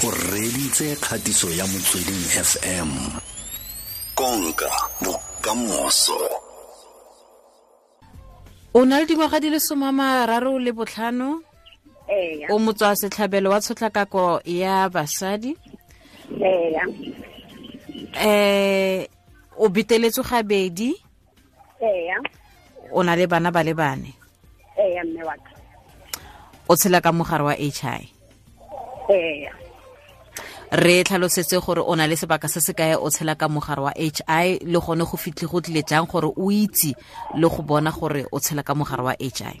o reditse kgatiso ya motsweding fm konka bokamoso o na le dingwaga di le soma mararo le botlhano o motswa setlhabelo wa tshotlakako ya basadi eh o biteletse gabedi o na le bana ba le bane o tshela ka mogare wa h i re tlhalosetse gore o na le sebaka se se kae o tshela ka mogare wa h i le gone go fitlhe go tlile jang gore o itse le go bona gore o tshela ka mogare wa h hi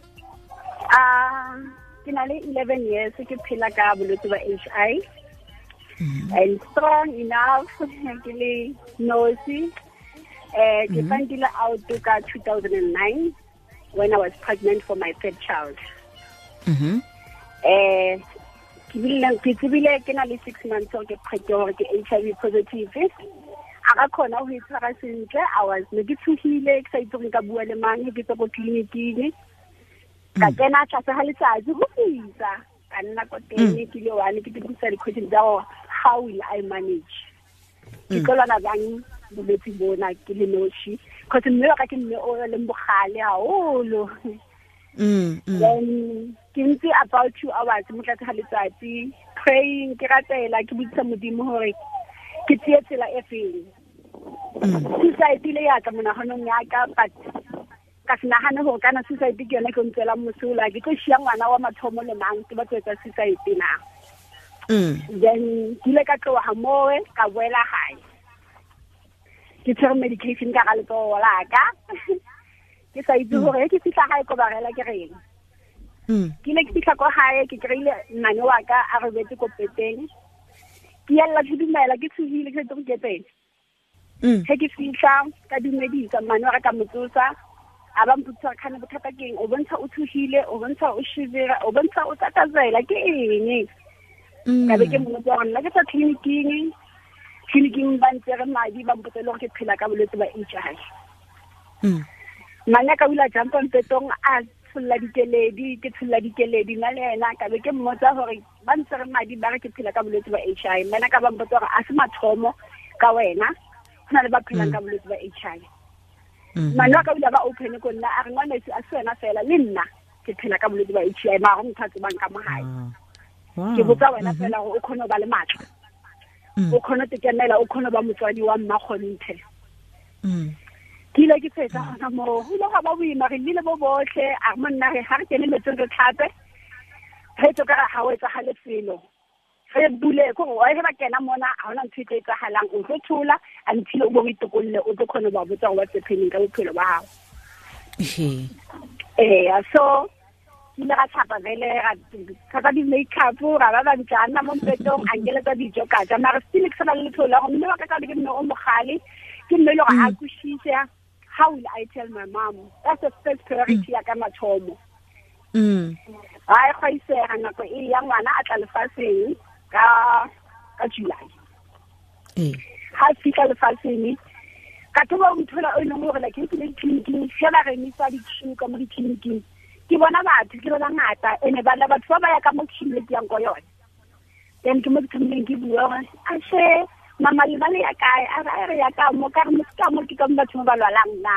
um, ke na le 11 years ke phela ka bolwetse ba h i mhm. and strong enough ke le nosi um ke mhm. fantile out ka 2009 when i was pregnant for my third child mm -hmm. uh, ke tsebile ke na le six months o ke preke gore ke h i v positive a ka khona go itshwara sentle i was ne ke tshogile ke sa itse gore ka bua le mang ke tse ko tleliniking ka mm. kena tlase ga letsatsi go fisa ka nna ko teng mm. ke le one ke dibisa di-question tsa gore how will i manage ke mm. tlolwana jang bolwetse bona ke le noši because mme wa ka ke mme o leng bogale gaolo Mm, mm. then ke ntse about two hours mo tlatse ga letsatsi praying ke ratela ke botsisa modimo gore ke tseye tsela e feng mm. suicide ile yaka monaganong yaka but ka se nagane gore kana suicide ke yone ke ntswela mosola ke tlo šia ngwana wa mathomo le mang ke batlo etsa suicide na then ke ile ka tloga moe ka boela gae ke tshwere medication ka ga letsogo laka ke sa itse gore ke fitla gae ko barela ke reng ke ne ke fitla ko gae ke kry-ile nnane wa ka a re betse ko peteng ke elela ke dumela ke tshogile ke setse go keteng ge ke fitlha ka dumedisa mane wa re ka motsosa a ba mpotsisa kgane bothata keng o bontsha o tshogile o bontsha o shivera o bontsha o tatazela ke eng ka be ke mmotsa gore nna ke sa tleliniking tleliniking ba re madi ba mpotsa le gore ke phela ka bolwetse ba h i mane o ile a jang a tsholla dikeledi ke tsholla dikeledi nna le ena ka be ke mmotsa gore ba ntse re madi ba re ke phela ka bolwetse ba h i mmena ka ba gore a se mathomo ka wena go na le ba phelang ka mm. bolwetse ba h i mm-hmm. mane wa ka bile ba open ko nna a re ngwanetse a se wena fela le nna ke phela ka bolwetse ba h i maaro motho a tsebang ka mogae ah, ke botsa wena mm-hmm. fela gore o kgone go ba le maatla mm. o kgone go tekemela o kgone go ba motswadi wa mmagonthe mm. ke ile ke fetsa gona moo go ile ga ba boima re nnile bo botlhe a monna re ga re kene metsong re tlhape ge tso kare ga o etsagale felo re bule kore wa ge ba kena mona ga gona ntho e tlo etsagalang o tlo thola a nthile o bo o itokolole o tlo kgone ba botsa go ba tsepheneng ka bophelo ba gago ee so ke ile ga tlhapa fele thata di-makeup ra ba bantle a nna mo mpetong a nkeletsa dijo ka ja mare still ke sa na le letlholo la go mme wa ka ka le ke mme o mogale ke mme e le gore a kosisa how will I tell my mom? That's the first priority ya ka mathomo. Mm. Ha e khaisega nako e ya ngwana a tla lefatsheng ka ka July. Eh. Ha fika lefatsheng ka thoba o nthola e o leng gore like ke le clinic fela re nisa di tshimo ka mo di clinic ke bona batho ke ba ngata ene ba la batho ba ba ya ka mo clinic yang go yone then ke mo ke tlhomile ke bua a she mama lebale ya kae a ra re ya ka mo ka re mo ka mo ke ka batho ba lwalang na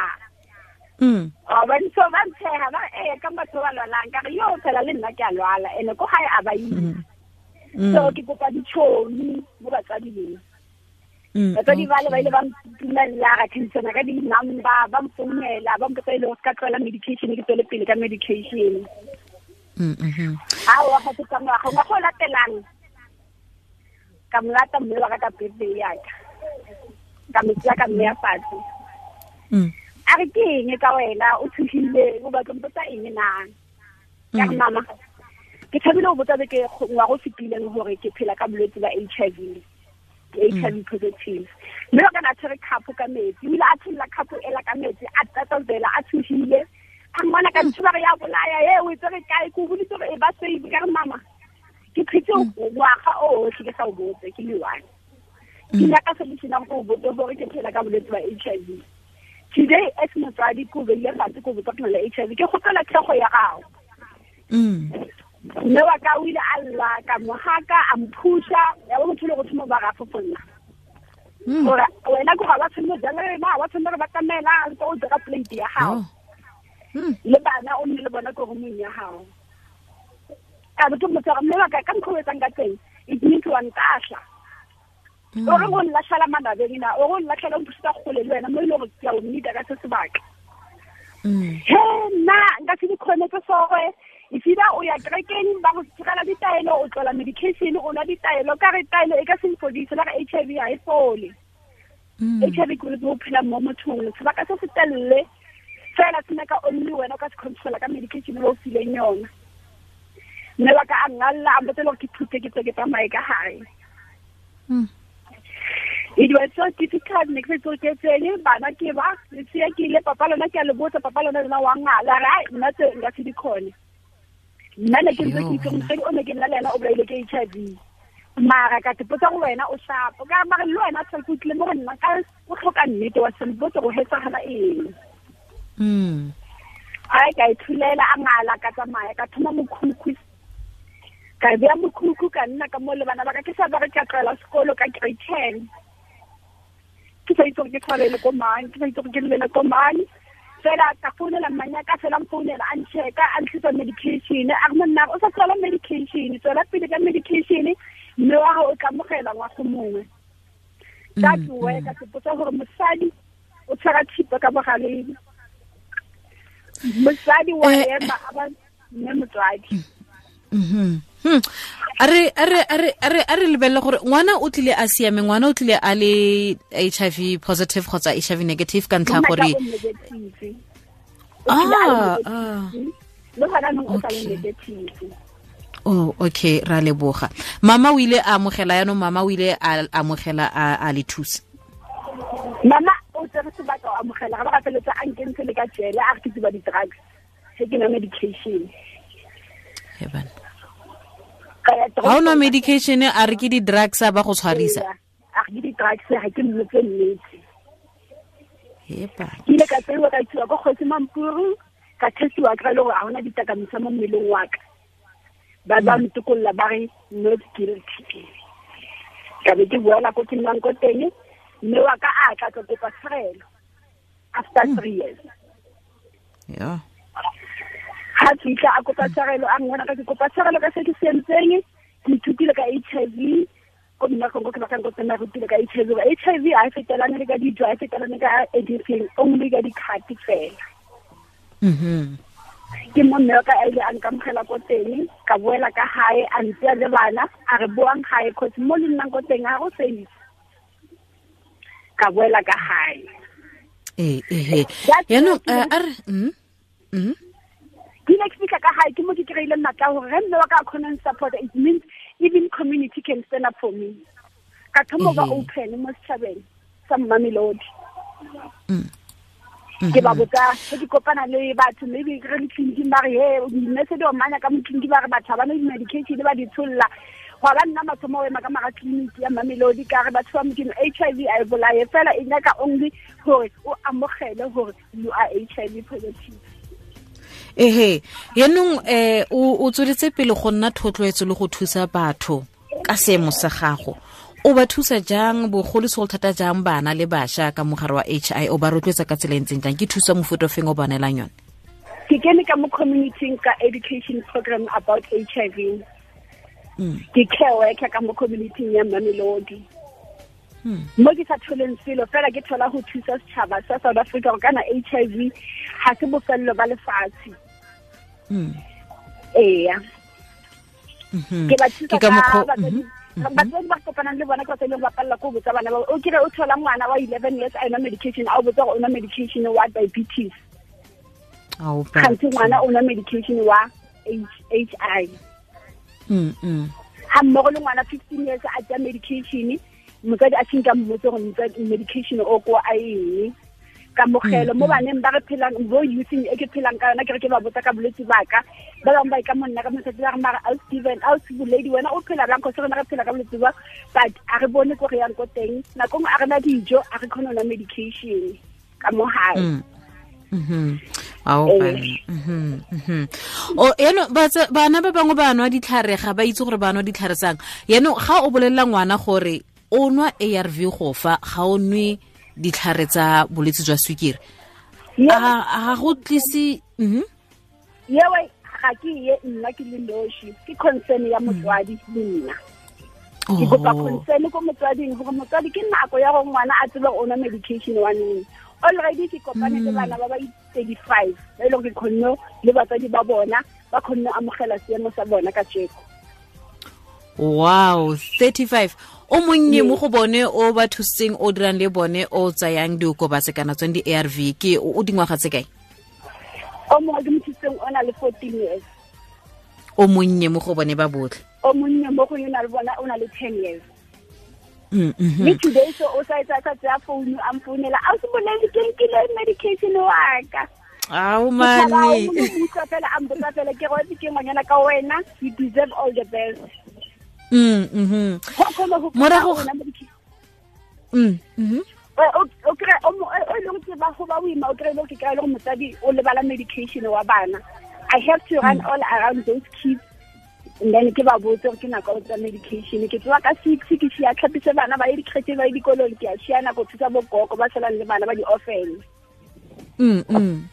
mm a oh, ba ntse ba ntsheha ba e ka batho ba lwalang ka re yo tsela le nna ke a lwala ene ko gae a ba mm-hmm. ile mm. so ke kopa ditšhomi mo batswadi leng mm, batswadi bale ba ile ba mpumelela ga thentsana ka di-number ba mfounela ba mpotsa e leng se ka medication e ke tswele pele ka medication mm-hmm. aowa ga se ka morago ngwa go latelang ka mlata mme wa ka ka birthday yaka ka metsea ka mme ya fatshe mm. a re ke eng ka wena o tshogile o batla mpotsa eng na ka mm. mama ke thabile go botsa beke ngwa go fetileng gore ke phela ka bolwetse ba HIV ke mm. HIV positive mme o kana tshwere khapo ka metsi ebile a tsholola kapo ela ka metsi a tatatsela a tshogile a ngwana ka ntshware ya bolaya e o tsere kae ko bolitse e ba save ka re mama ke phetse ngwaga o otlhe ke sa o botse ke le one ke mm. nyaka se le senang go botse gore ke phela ka bolwetse ba h i v today as motsadi ko beile fatshe ko botsa phela h i v ke gotlela tlhego ya gago mm. mme wa ka o ile a lla ka mogaka a mphusa ya bo motho le go thomo ba gafofonna gore mm. wena ko ga ba tshwanne jang rena wa tshwanne re ba tsamaela a ntse o jeka plate ya gago oh. le bana o nne le bona ko gomeng ya gago tlabe ke mmotsa gore mme wa ka ka mokgwa o etsang ka teng it e means wa ntahla o reng o nlatlhela manabeng mm. na o re o nlatlhela o nthusetsa kgole le wena mo e le gore ke a o nnita ka se sebaka mm. he nna nka se dikgonetse soe efida o ya kerekeng ba go tshegela ditaelo o tlola medication o nwa ditaelo ka re taelo e ka se mpodise la ga h i v ga e fole mm. h i v ke bolwetse bo phela mo mothong sebaka se se telele fela se nyaka only wena o ka se controla ka medication o e o fileng yona mabaka a nna a mpotsa gore ke thute ke tse ke tsamaye ka gae hmm. e it was so difficult ne ke fetse ke tsene bana ke ba le tsiya ke ile papa lona ke a le botsa papa lona lona wa ngala ra nna tse nka se di khone nna ne ke ntse ke itse mosadi o ne ke nna le ena o bolaile ke HIV mara ka ke potsa go wena o shapo ka mara le wena tsa ke tle mo go nna ka o tlhoka nnete wa se botsa go hetsa gana eng mm ai ka ithulela e a ngala ka tsamaya ka thoma mokhukhu ka bea mokhukhu ka nna ka mo le bana ba ka ke sa bare ke tlwaela sekolo ka grade ten ke sa itse ke tshwarele ko mane ke sa itse ke lebele ko mane fela ka founela mmanya ka fela mfounela a ncheka a ntlhisa medication a re monna o sa tswela medication tswela pele ka medication mme wa gago o tlamogela go mongwe that way ka mm, mm. sepotsa gore mosadi o tshwara thipa ka bogaleng mosadi wa eh, ema a ba mme motswadi mm-hmm. Hmm. a re lebelele gore ngwana o tlile a siame ngwana o tlile a le h i v positive kgotsa h i negative ka ntlha gore ah, ah. oh okay ra leboga mama o ile a amogela yaanong mama o ile a amogela a le thusa mama o tsere sebaka o amogela ga ba gapeletsa a nkentse le ka jele a re ke tsiba di-drugs se ke na medication ga ona medication a re ke di-drugs ba go tshwarisa a ke di-drugs ga ke mlo tse ile ka tseiwa ka tsiwa ko kgosi mampuru ka testiwa ka le gore a gona ditakamisa mo mmeleng wa ka ba ba mm. ntokolola ba re not guilty ka be ke boela ko ke nnang ko teng mme wa ka a tla tlo kopa tshwarelo after mm. three years ga fitlha a kopa tshwarelo a ngwana ka ke kopa tshwarelo ka se ke se ke ithutile ka h i v ko dinakong ko ke bakang ko tsena rutile ka h i v ka h i v ga e fetelane le ka dijo ga e fetelane ka anything only ka dikgati fela mm-hmm. ke mo mme ka a ile a nkamogela ko teng ka boela ka gae a ntseya le bana a re boang gae kgotsi mo le nnang ko teng a go sentse ka boela ka gae ee ee yaanong eh, a re mm, mm ke ne ke fitlha ka gae ke mo ke kry-ile matla gore re mme wa ka conan support it means even community can stand up for me ka thomo ba mhm. open mo setšhabeng sa mmamelodi mm. ke ba mhm. botsa ge ke kopana le batho maybe ke re le tleliniking ba re he dinese omanya ka mo tliniki ba re batho ga ba na di-medication ba di tsholola gwa ba nna mathomo o ema ka mara tleliniki ya mmamelodi ka re batho ba modimo h i v a e bolae fela e nyaka only gore o amogele gore you are h i v positive ehe yaanong um eh, o tsweletse pele go nna thotloetso le go thusa batho ka seemo sa gago o ba thusa jang bogolosegolo thata jang bana le bašwa ka mogare wa h i o ba rotloetsa ka tsela e ntseng jang ke thusa mofuta feng o ba yone ke kene ka mo community ka education program about h i v hmm. ke care worker ka mo community ya mamelodi hmm. mo ke sa tholeng selo fela ke thola go thusa setšhaba sa south africa go kana h i v ga se bofelelo ba lefatshe Hmm. eya mhm. ke ba thusa ka batsadi mhm. mhm. ba kopanang le bona e ke tse le ba palela ko botsa bana ba o kire o thola ngwana wa 11 years a ena medication a o botsa go o na medication wa diabetes gantsi ngwana o nwa medication wa h i ga mm, mm. mmogo le ngwana 15 years a ja medication motsadi a tšhinka mmotse gore medication o ko a eng kamogelo mm, mo mm. baneng ba re phelang bo youthing e ke phelang ka yona ke re ke ba botsa ka bolwetse baka ba bangwe ba e ka monna ka mosatsi ba re mara ao steven ao seboledi wena o phela bjang kose rona re phela ka bolwetse ba but a re bone ko re yang ko teng nako nngwe a re na dijo a re kgone ona medication ka mo gae mm. mm-hmm. mm-hmm. mm-hmm. yaanong bana ba bangwe ba nwa ditlhare ga ba itse gore ba nwa ditlhare tsang yaanong ga o bolelela ngwana gore o nwa a r v go fa ga o nwe ditlhare tsa bolwetse jwa sukiri ga go tlise mhm. yewe ga ke ye nna ke le noši ke concern ya motswadi le nna ke kopa oh. concern ko motswading gore motswadi ke nako ya gore ngwana a tsebe ona medication wa neng already ke kopane le mm. bana ba ba thirty-five ba e leng ke kgonne le batsadi ba bona ba kgonne amogela seemo sa bona ka jeko wow 35 o monnye mo go bone o ba thusitseng o dirang le bone o tsayang diokobatse kana tsone di-a r v ke o dingwaga tse kae o mongwe ke mothusitseng o na le fourteen years o monnye mo go bone ba botlhe o monnye mo go o na le ten years le mm, mm-hmm. today o sa etsa founu a mfounela a o fela a fela ke rotse ke ngwanyana ka wena you deserve all the best Mm, mm-hmm. morago o kry ba boima o kry-e ke kry-e le go motsadi o lebala medication wa bana i have to run mm. all around those kids and then ke ba botse gore ke nako o tsa medication ke tsewa ka six ke šia tlhapise bana ba ye dikgetse ba ye dikolong ke a šia nako thusa bokoko ba salang le bana ba di-offele mm,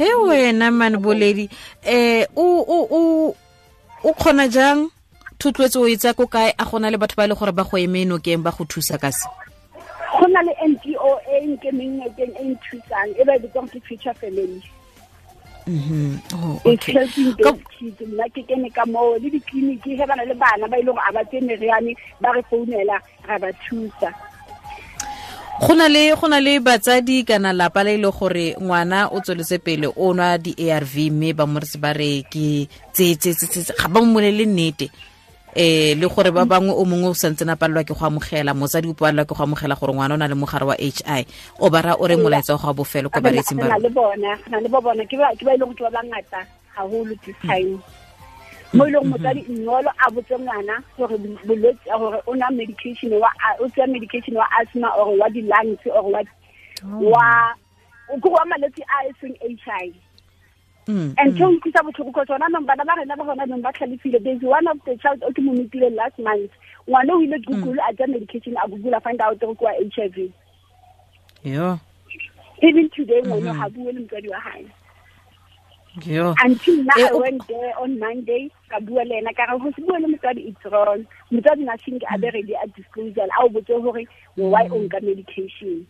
he wena mane boledi um o kgona jang thotloetse o etsa ko kae a gona le batho ba e le gore ba go eme nokeng ba go thusa ka se go na le ngo e nkemeng nokeng e nthusang e ba e bitswang ke future family mm-hmm. oh, nna ke kene ka moo le ditleliniki ge bana le bana ba ile e gore a ba tse meriane ba re founela ra ba thusa go na le go na le batsadi kana lapa le ile e gore ngwana o tsweletse pele o nwa di-arv mme ba moretse ba re ke tsetsetsetse ga ba mmolele nnete eh le gore ba bangwe o mongwe o santse na palelwa ke go amogela motsadi o palelwa ke go amogela gore ngwana o na le mogare wa h i o bara o re molaetsa go a bofelo ko bareetsing ba bona na le bona ke ke ba ile go tloa bangata ga mo ile e go mm-hmm. motsadi nyolo a botse ngwana gore bolwetse gore o na medication wa o tsya medication wa asthma or wa di lungs or wa oh. wa go wa malwetse a e seng h i Mm, and mm. ke utlwisa botlhoko because ona nong bana ba rena ba gona nong ba tlhalefile there's one of the child o ke mo metileng last month ngwana o ile google mm. a ja medication a google a find out go kwa h i v yo even today ngwana ga mm-hmm. bue le motswadi wa gae Yo. until na eh, I went there on Monday ka bua le ena ka re go se bua le motswadi it's wrong motswadi na think a be ready a disclosure a o botse gore why o nka medication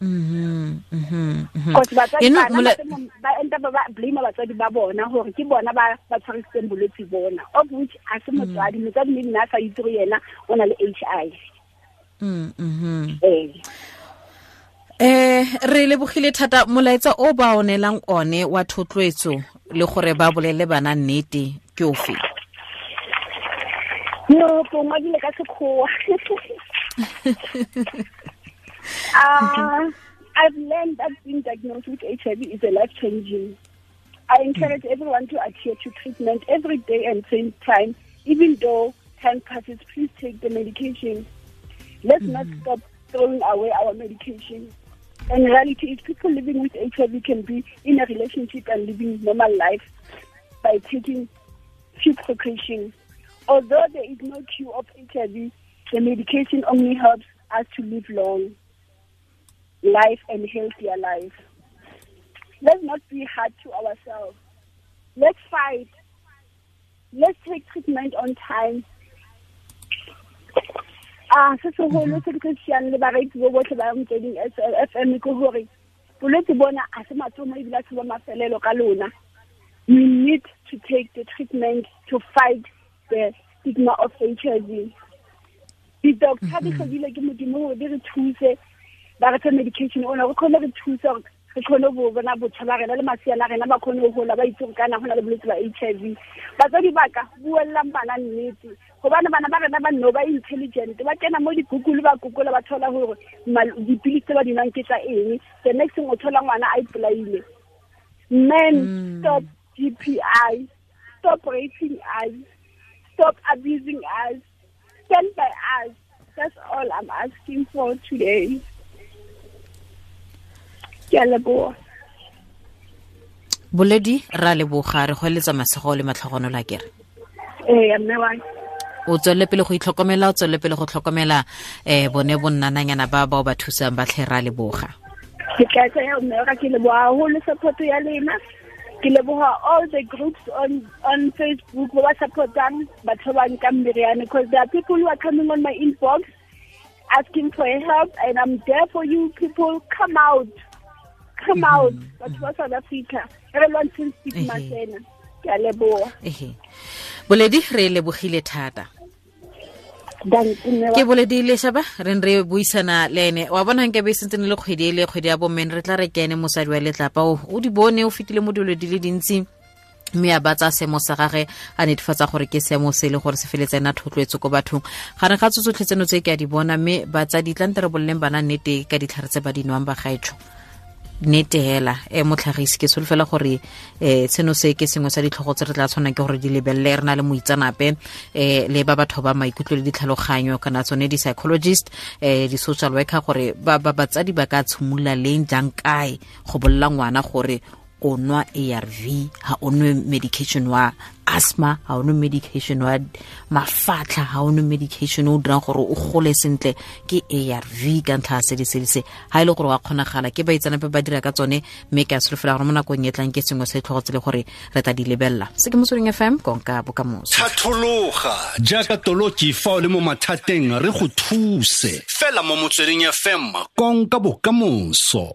cause batsadibaenta blame batswadi ba bona gore ke bona ba tshwarisitseng bolwetse bona of which a se mm. motswadi motswadi maybe ne a sa itse go yena o na le h i v mm-hmm. eh. eh re lebogile thata molaetsa o ba onelang one wa thotloetso le gore ba bolele bana nnete ke ofe no ke ngwadile ka sekgowa uh, I've learned that being diagnosed with HIV is a life changing. I encourage everyone to adhere to treatment every day and same time, even though time passes, please take the medication. Let's mm not mm-hmm. stop throwing away our medication. In reality, if people living with HIV can be in a relationship and living normal life by taking few precautions. Although there is no cure of HIV, the medication only helps us to live long life and healthier life. Let's not be hard to ourselves. Let's fight. Let's take treatment on time. Ah, se seholo mhm. se ke siang le bareetsi bo botlhe ba motsweding f m ke gore bolwetse bona a se matsomo ebile a se ba mafelelo ka lona we need to take the treatment to fight the stigma of h i v di-doctor di tlhodile mhm. ke modimo gore di re thuse ba re fe medication ona go thusa re go bona ba rena le rena ba go ba itse kana go na le bolwetse ba h i v ba ka nnete bana ba rena ba ba intelligent ba mo di-google ba google ba thola gore dipilisi ke tsa eng the next thing o thola ngwana a men mm. stop GPI, stop raping us, stop abusing us, stand by us. That's all I'm asking for today ke a leboa boledi ra leboga re go eletsa masego le matlhogonolo a kere o tswelele pele go itlhokomela o tswelele pele go tlhokomela um bone bonnananyana ba bao ba thusang ba ra leboga ke tla tsaya mmeka ke leboga golo support ya lena ke leboga all the groups on on facebook ba ba supportang batho ba ka mmeriane because there are people who are coming on my inbox asking for help and i'm there for you people come out come mhm. out batho ba south africa everyonetin stick masena ke a leboa boledi re lebogile thata ke boledile shaba re re buisana le ene wa bona nke be sentse ne le kgwedi e le kgwedi ya bomen re tla re ke ene mosadi wa letlapa o o di bone o fetile mo dilo di le dintsi mme a batsa seemo sa gage a netefatsa gore ke seemo se e le gore se feletse na thotloetso ko bathong gare ga tsotsotlhe tseno tse ke a di bona mme batsadi tla nte re boleleng bana nnete ka ditlhare tse ba di nwang ba gaetsho nnete fela um motlhagisi ke solofela gore um tseno se ke sengwe sa ditlhogo tse re tla tshwana ke gore di lebelele re na le moitsanape um le ba batho ba maikutlo le ditlhaloganyo kana tsone di-psychologist um di-social worker gore batsadi ba ka tshimolola leng jang kae go bolola ngwana gore o nwa arv ha o nwe medication wa asthma ha o nwe medication wa mafatlha ha o nwe medication o dirang gore o gole sentle ke arv ka ntlha ya sedi sedi se ha e le gore wa kgonagala ke ba itsanape ba dira ka tsone mme ke a solofela gore mo nakong e tlang ke sengwe se tlhogotse le gore re tla di lebelela se ke motsweding fm konka bokamoso thatologa jaaka toloki fa o le mo mathateng re go thuse fela mo motsweding fm konka bokamoso